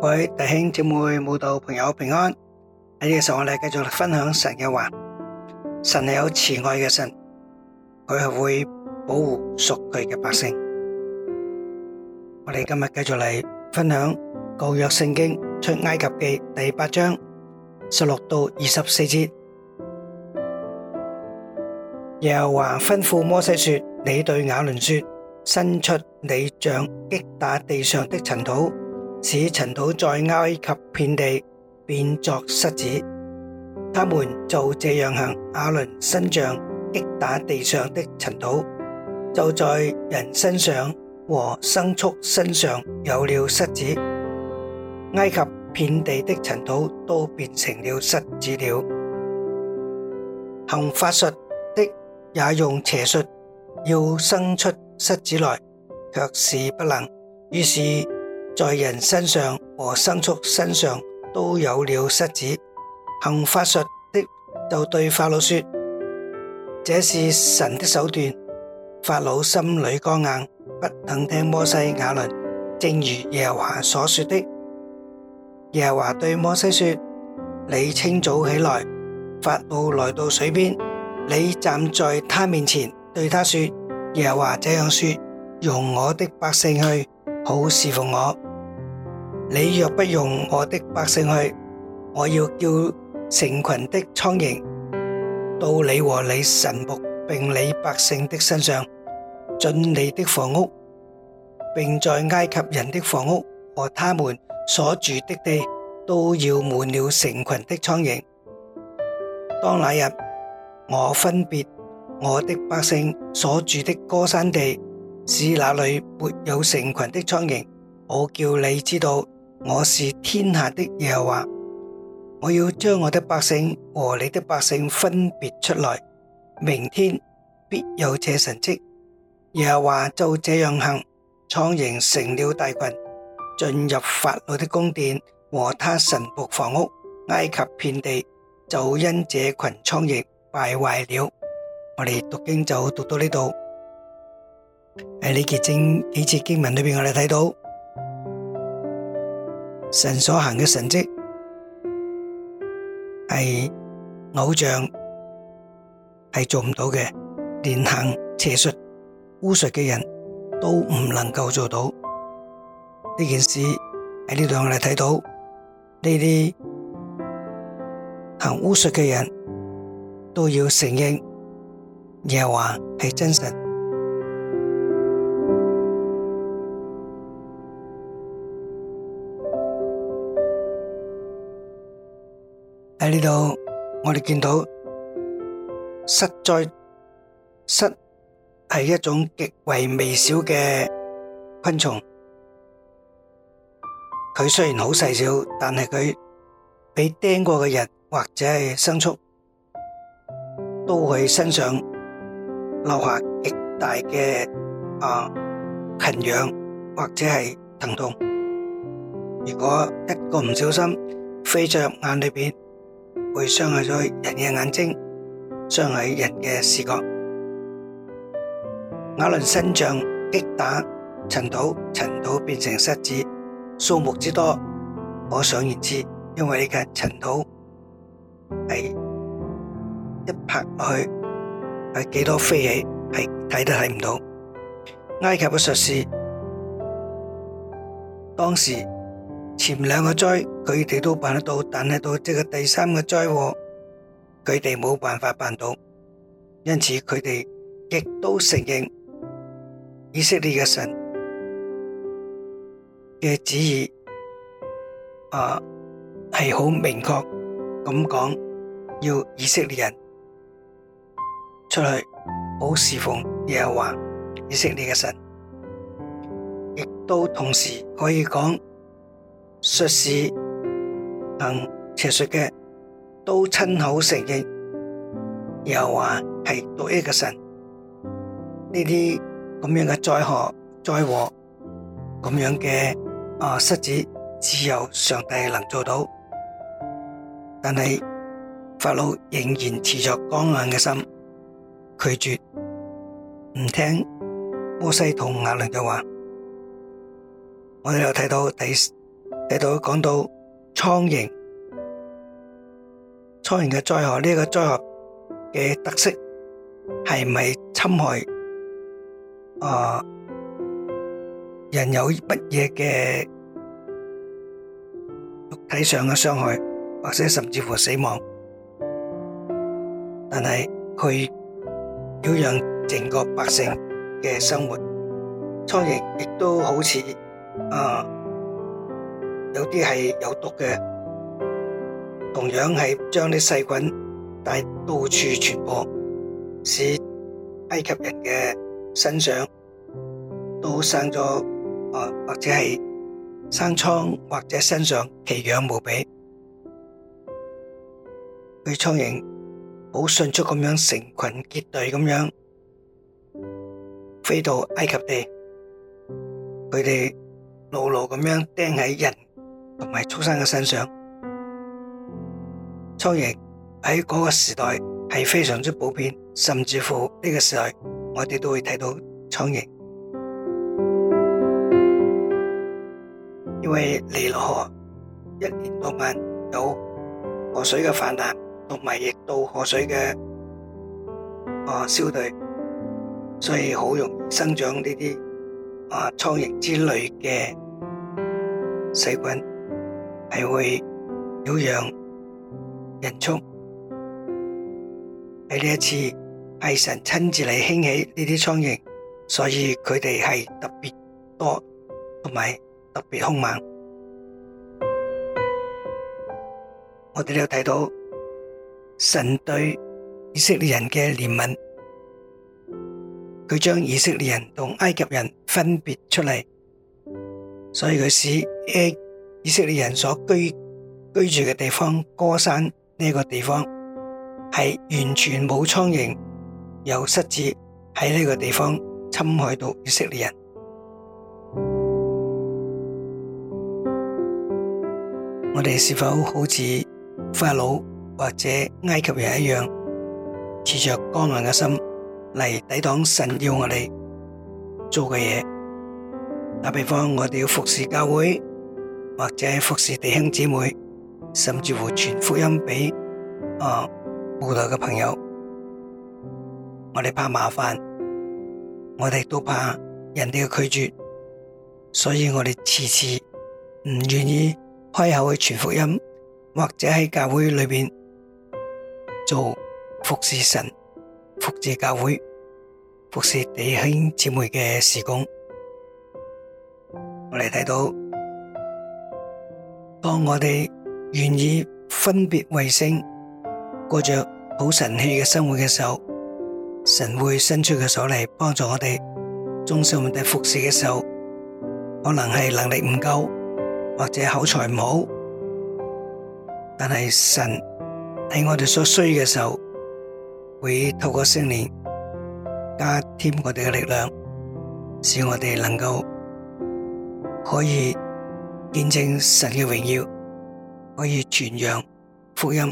各位弟兄姊妹、慕道朋友平安。喺呢個時候，我哋繼續分享神嘅話。神係有慈愛嘅神，佢係會保護屬佢嘅百姓。我哋今日繼續嚟分享舊約聖經出埃及記第八章十六到二十四節。耶和華吩咐摩西說：你對亞倫說，伸出你杖擊打地上的塵土。使塵土在埃及遍地變作虱子，他們就這樣向亞倫伸杖擊打地上的塵土，就在人身上和牲畜身上有了虱子。埃及遍地的塵土都變成了虱子了。行法術的也用邪術要生出虱子來，卻是不能，於是，在人身上和牲畜身上都有了蝨子。行法術的就對法老說：這是神的手段。法老心裏剛硬，不肯聽摩西亞倫，正如耶和華所說的，耶和華對摩西說：你清早起來，法老來到水邊，你站在他面前，對他說：耶和華這樣說：容我的百姓去，好侍奉我。你若不用我的百姓去，我要叫成群的蒼蠅到你和你臣僕並你百姓的身上，進你的房屋，並在埃及人的房屋和他們所住的地，都要滿了成群的蒼蠅。當那日我分別我的百姓所住的歌山地，使那裏沒有成群的蒼蠅，我叫你知道。我是天下的耶和華，我要將我的百姓和你的百姓分別出來，明天必有這神跡。耶和華就這樣行，蒼蠅成了大群，進入法老的宮殿和他神僕房屋，埃及遍地就因這群蒼蠅敗壞了。我哋讀經就讀到呢度，喺呢幾節經文裏邊，我哋睇到。神所行嘅神蹟係偶像，係做唔到嘅，連行邪術、巫術嘅人都唔能夠做到。呢件事，喺呢兩個嚟睇到，呢啲行巫術嘅人都要承認嘢話係真實。喺呢度，我哋見到虱災，虱係一種極為微小嘅昆蟲，佢雖然好細小，但係佢俾叮過嘅人或者係牲畜，都會身上留下極大嘅啊痕癢或者係疼痛。如果一個唔小心飛咗入眼裏邊。會傷害咗人嘅眼睛，傷害人嘅視覺。瓦倫伸杖擊打塵土，塵土變成虱子，數目之多，可想而知。因為你嘅塵土係一拍落去，係幾多飛起，係睇都睇唔到。埃及嘅術士當時。前兩個災佢哋都辦得到，但係到呢個第三個災禍，佢哋冇辦法辦到，因此佢哋亦都承認以色列嘅神嘅旨意，啊係好明確咁講，要以色列人出去好侍奉耶和華，又話以色列嘅神，亦都同時可以講。術士行邪術嘅，都親口承認，又話係獨一嘅神。呢啲咁樣嘅災禍、災禍咁樣嘅啊蝨子，只有上帝能做到。但係法老仍然持着剛硬嘅心，拒絕唔聽摩西同亞倫嘅話。我哋又睇到第。喺度講到蒼蠅，蒼蠅嘅災害呢一，這個災害嘅特色係咪侵害啊人有乜嘢嘅肉體上嘅傷害，或者甚至乎死亡，但係佢要讓整個百姓嘅生活，蒼蠅亦都好似啊。有啲係有毒嘅，同樣係將啲細菌帶到處傳播，使埃及人嘅身上都生咗啊，或者係生瘡，或者身上奇癢無比。佢蒼蠅好迅速咁樣成群結隊咁樣飛到埃及地，佢哋牢牢咁樣釘喺人，同埋畜生嘅身上，蒼蠅喺嗰個時代係非常之普遍，甚至乎呢個時代我哋都會睇到蒼蠅，因為尼羅河，一年到晚有河水嘅泛濫同埋亦到河水嘅啊、哦、消退，所以好容易生長呢啲啊蒼蠅之類嘅細菌。係會擾攘人畜，喺呢一次係神親自嚟興起呢啲蒼蠅，所以佢哋係特別多同埋特別兇猛。我哋有睇到神對以色列人嘅憐憫，佢將以色列人同埃及人分別出嚟，所以佢使耶以色列人所居居住嘅地方，歌山呢個地方係完全冇蒼蠅，有虱子喺呢個地方侵害到以色列人。 我哋是否好似法老或者埃及人一樣，持着剛硬嘅心嚟抵擋神要我哋做嘅嘢？打比方，我哋要服侍教會。或者服侍弟兄姊妹，甚至乎傳福音俾啊，無來嘅朋友，我哋怕麻煩，我哋都怕人哋嘅拒絕，所以我哋次次唔願意開口去傳福音，或者喺教會裏面做服侍神、服侍教會、服侍弟兄姊妹嘅事工，我哋睇到。當我哋願意分別為聖，過着好神氣嘅生活嘅時候，神會伸出佢手嚟幫助我哋。縱使我哋服侍嘅時候，可能係能力唔夠或者口才唔好，但係神喺我哋所需嘅時候，會透過聖靈加添我哋嘅力量，使我哋能夠可以。見證神嘅榮耀，可以傳揚福音，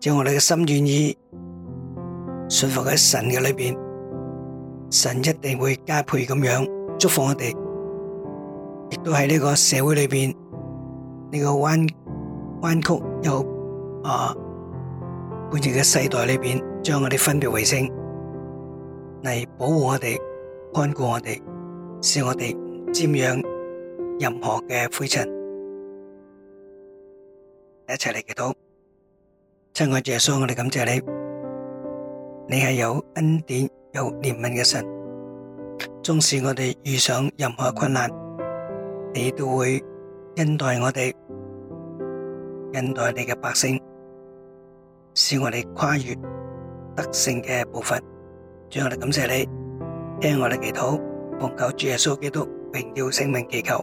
將我哋嘅心願意信服喺神嘅裏邊，神一定會加倍咁樣祝福我哋，亦都喺呢個社會裏邊，呢個彎彎曲又啊，悖謬嘅世代裏邊，將我哋分別為聖，嚟保護我哋，看顧我哋，使我哋瞻仰。任何嘅灰塵，一齊嚟祈禱。親愛主耶穌，我哋感謝你，你係有恩典、有憐憫嘅神。縱使我哋遇上任何困難，你都會恩待我哋，恩待你嘅百姓，使我哋跨越得勝嘅步伐。最後嚟感謝你，聽我哋祈禱，奉主耶穌基督榮耀聖名，祈求。